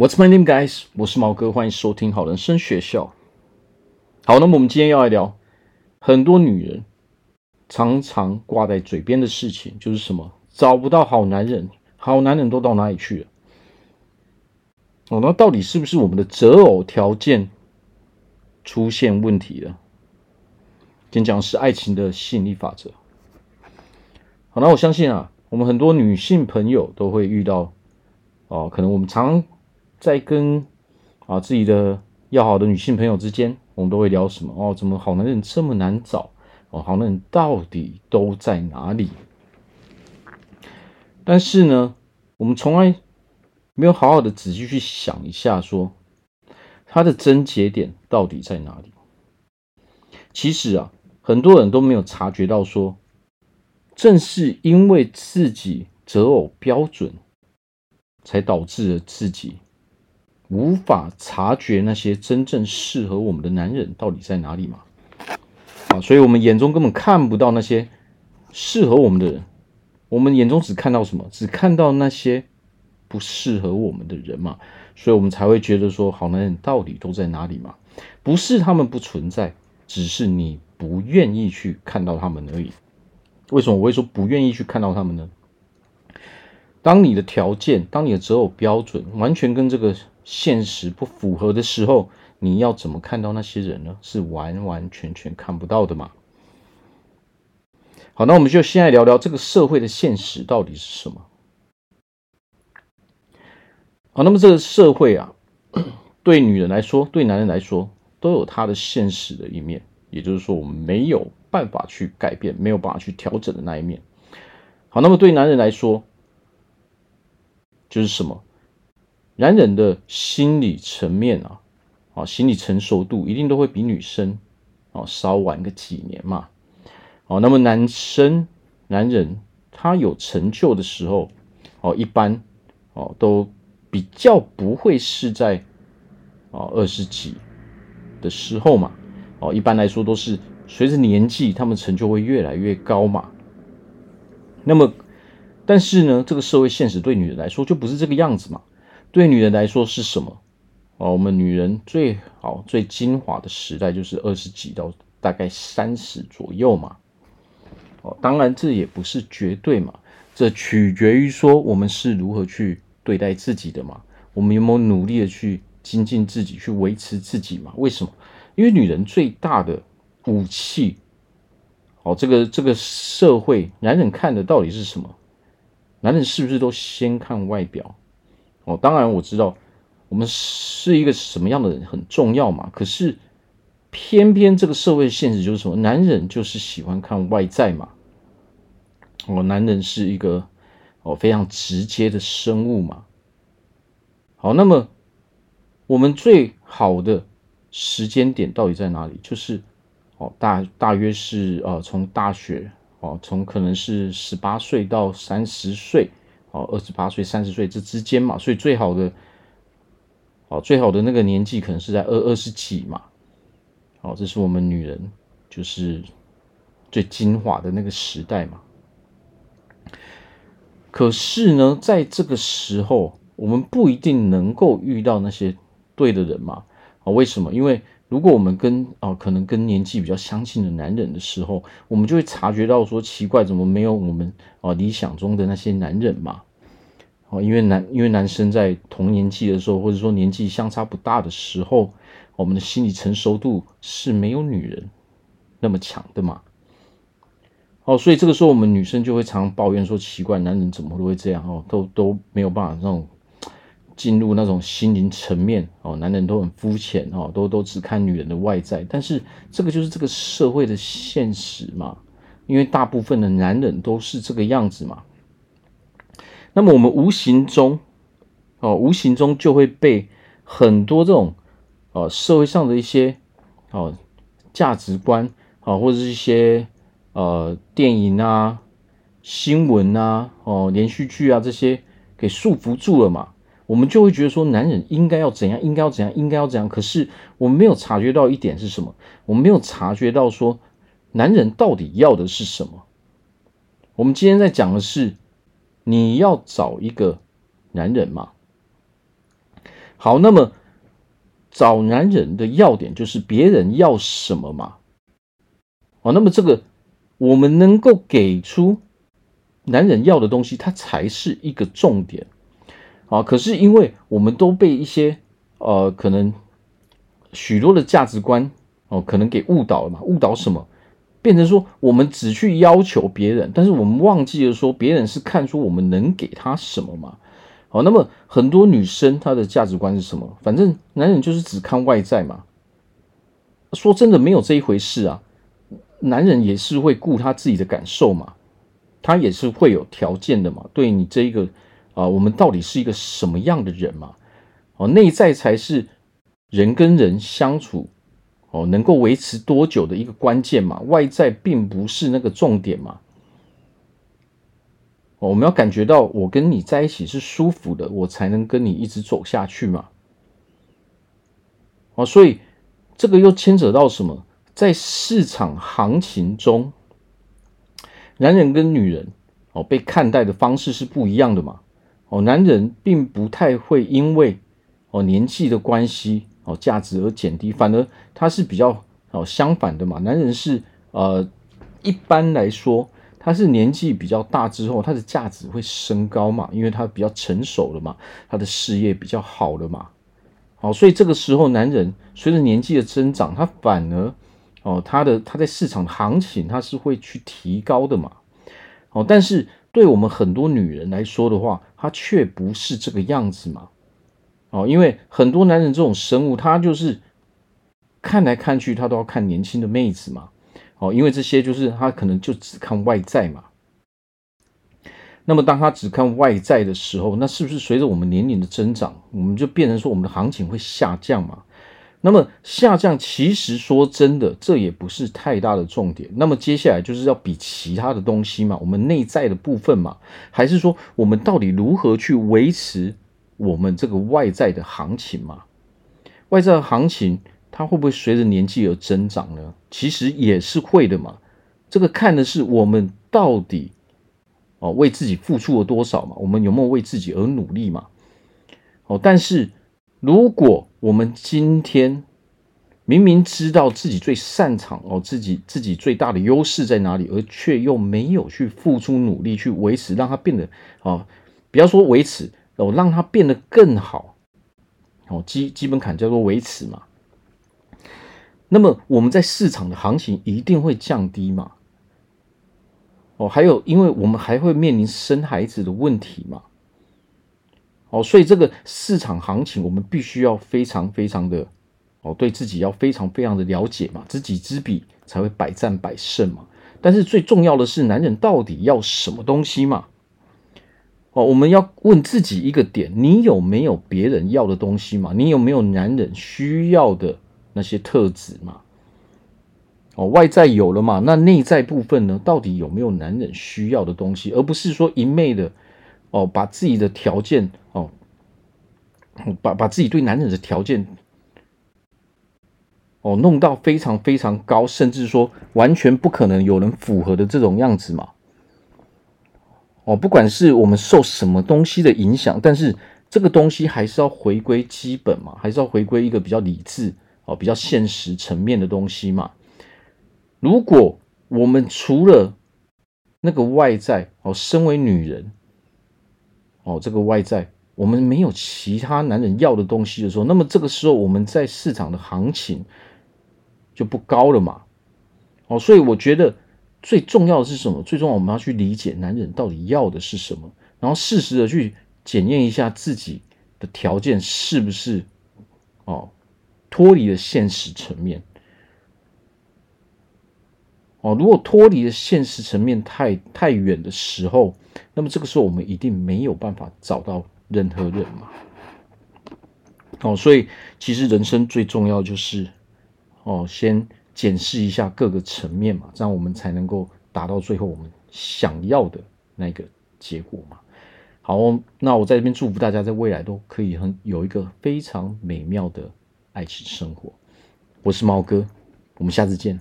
What's my name, guys？我是毛哥，歡迎收聽好人生學校。好，那麼我們今天要來聊很多女人常常掛在嘴邊的事情，就是什麼？找不到好男人，好男人都到哪裡去了？哦，那到底是不是我們的擇偶條件出現問題了？今天講的是愛情的吸引力法則。好，那我相信啊，我們很多女性朋友都會遇到哦，可能我們常在跟啊自己的要好的女性朋友之間，我們都會聊什麼哦？怎麼好男人這麼難找哦？好男人到底都在哪裡？但是呢，我們從來沒有好好的仔細去想一下說，說他的症結點到底在哪裡？其實啊，很多人都沒有察覺到說，說正是因為自己擇偶標準，才導致了自己。無法察覺那些真正適合我們的男人到底在哪裡嘛？啊，所以我們眼中根本看不到那些適合我們的人，我們眼中只看到什麼？只看到那些不適合我們的人嘛。所以我們才會覺得說，好男人到底都在哪裡嘛？不是他們不存在，只是你不願意去看到他們而已。為什麼我會說不願意去看到他們呢？當你的條件，當你的擇偶標準完全跟這個。現實不符合的時候，你要怎麼看到那些人呢？是完完全全看不到的嘛？好，那我們就先來聊聊這個社會的現實到底是什麼。好，那麼這個社會啊，對女人來說，對男人來說，都有它的現實的一面，也就是說，我們沒有辦法去改變，沒有辦法去調整的那一面。好，那麼對男人來說，就是什麼？男人的心理層面啊，啊，心理成熟度一定都會比女生啊稍晚個幾年嘛。哦、啊，那麼男生、男人他有成就的時候，哦、啊，一般哦、啊、都比較不會是在哦二十幾的時候嘛。哦、啊，一般來說都是隨着年紀，他們成就會越來越高嘛。那麼，但是呢，這個社會現實對女人來說就不是這個樣子嘛。對女人來說是什麼？哦，我們女人最好、哦、最精華的時代就是二十幾到大概三十左右嘛。哦，當然這也不是絕對嘛，這取決於說我們是如何去對待自己的嘛，我們有沒有努力的去精進自己，去維持自己嘛？為什麼？因為女人最大的武器，哦，這個這個社會男人看的到底是什麼？男人是不是都先看外表？哦，當然我知道我們是一個什麼樣的人很重要嘛。可是偏偏這個社會的現實就是什麼？男人就是喜歡看外在嘛。哦，男人是一個哦非常直接的生物嘛。好，那麼我們最好的時間點到底在哪裡？就是哦大大約是呃從大學哦從可能是十八歲到三十歲。哦，二十八歲、三十歲這之間嘛，所以最好的，哦，最好的那個年紀可能是在二二十幾嘛。好、哦，這是我們女人就是最精華的那個時代嘛。可是呢，在這個時候，我們不一定能夠遇到那些對的人嘛。啊、哦，為什麼？因為。如果我們跟哦，可能跟年紀比較相近的男人的時候，我們就會察覺到說奇怪，怎麼沒有我們哦理想中的那些男人嘛？哦，因為男，因為男生在同年紀的時候，或者說年紀相差不大的時候，我們的心理成熟度是沒有女人那麼強的嘛。哦，所以這個時候我們女生就會常抱怨說奇怪，男人怎麼會這樣？哦，都都沒有辦法那種。進入那種心靈層面哦，男人都很膚淺哦，都都只看女人的外在，但是這個就是這個社會的現實嘛，因為大部分的男人都是這個樣子嘛。那麼我們無形中，哦，無形中就會被很多這種，哦社會上的一些哦價值觀啊，或者是一些呃電影啊、新聞啊、哦連續劇啊這些給束縛住了嘛。我們就會覺得說，男人應該要怎樣，應該要怎樣，應該要怎樣。可是我們沒有察覺到一點是什麼，我們沒有察覺到說，男人到底要的是什麼。我們今天在講的是，你要找一個男人嘛？好，那麼找男人的要點就是別人要什麼嘛？好，那麼這個我們能夠給出男人要的東西，它才是一個重點。啊，可是因為我們都被一些呃，可能許多的價值觀哦，呃，可能給誤導了嘛，誤導什麼？變成說我們只去要求別人，但是我們忘記了說別人是看出我們能給他什麼嘛。好，那麼很多女生她的價值觀是什麼？反正男人就是只看外在嘛。說真的，沒有這一回事啊。男人也是會顧他自己的感受嘛，他也是會有條件的嘛，對你這一個。啊、呃，我們到底是一個什麼樣的人嘛？哦，內在才是人跟人相處哦，能夠維持多久的一個關鍵嘛。外在並不是那個重點嘛。哦，我們要感覺到我跟你在一起是舒服的，我才能跟你一直走下去嘛。哦，所以這個又牽扯到什麼？在市場行情中，男人跟女人哦被看待的方式是不一樣的嘛。哦，男人並不太會因為哦年紀的關係，哦價值而減低，反而他是比較哦相反的嘛。男人是呃一般來說，他是年紀比較大之後，他的價值會升高嘛，因為他比較成熟了嘛，他的事業比較好了嘛。哦，所以這個時候男人隨着年紀的增長，他反而哦他的他在市場行情他是會去提高的嘛。哦，但是。對我們很多女人來說的話，她卻不是這個樣子嘛，哦，因為很多男人這種生物，他就是看來看去，他都要看年輕的妹子嘛，哦，因為這些就是他可能就只看外在嘛。那麼當他只看外在的時候，那是不是隨着我們年齡的增長，我們就變成說我們的行情會下降嘛？那麼下降，其實說真的，這也不是太大的重點。那麼接下來就是要比其他的東西嘛，我們內在的部分嘛，還是說我們到底如何去維持我們這個外在的行情嘛？外在的行情它會不會隨着年紀而增長呢？其實也是會的嘛。這個看的是我們到底哦為自己付出了多少嘛，我們有沒有為自己而努力嘛？哦，但是如果我們今天明明知道自己最擅長哦，自己自己最大的優勢在哪裡，而卻又沒有去付出努力去維持，讓它變得哦，不要說維持哦，讓它變得更好哦。基基本上叫做維持嘛。那麼我們在市場的行情一定會降低嘛。哦，還有，因為我們還會面臨生孩子的問題嘛。哦，所以這個市場行情，我們必須要非常非常的，哦，對自己要非常非常的了解嘛，知己知彼才會百戰百勝嘛。但是最重要的是，男人到底要什麼東西嘛？哦，我們要問自己一個點：你有沒有別人要的東西嘛？你有沒有男人需要的那些特質嘛？哦，外在有了嘛，那內在部分呢？到底有沒有男人需要的東西？而不是說一昧的哦，把自己的條件。把把自己對男人的條件，哦，弄到非常非常高，甚至說完全不可能有人符合的這種樣子嘛，哦，不管是我們受什麼東西的影響，但是這個東西還是要回歸基本嘛，還是要回歸一個比較理智哦，比較現實層面的東西嘛。如果我們除了那個外在哦，身為女人，哦，這個外在，我們沒有其他男人要的東西的時候，那麼這個時候我們在市場的行情就不高了嘛。哦，所以我覺得最重要的是什麼？最重要我們要去理解男人到底要的是什麼，然後適時的去檢驗一下自己的條件是不是哦脫離了現實層面。哦，如果脫離了現實層面太太遠的時候，那麼這個時候我們一定沒有辦法找到任何人嘛，哦，所以其實人生最重要就是，哦，先檢視一下各個層面嘛，這樣我們才能夠達到最後我們想要的那個結果嘛。好、哦，那我在這邊祝福大家在未來都可以很有一個非常美妙的愛情生活。我是貓哥，我們下次見。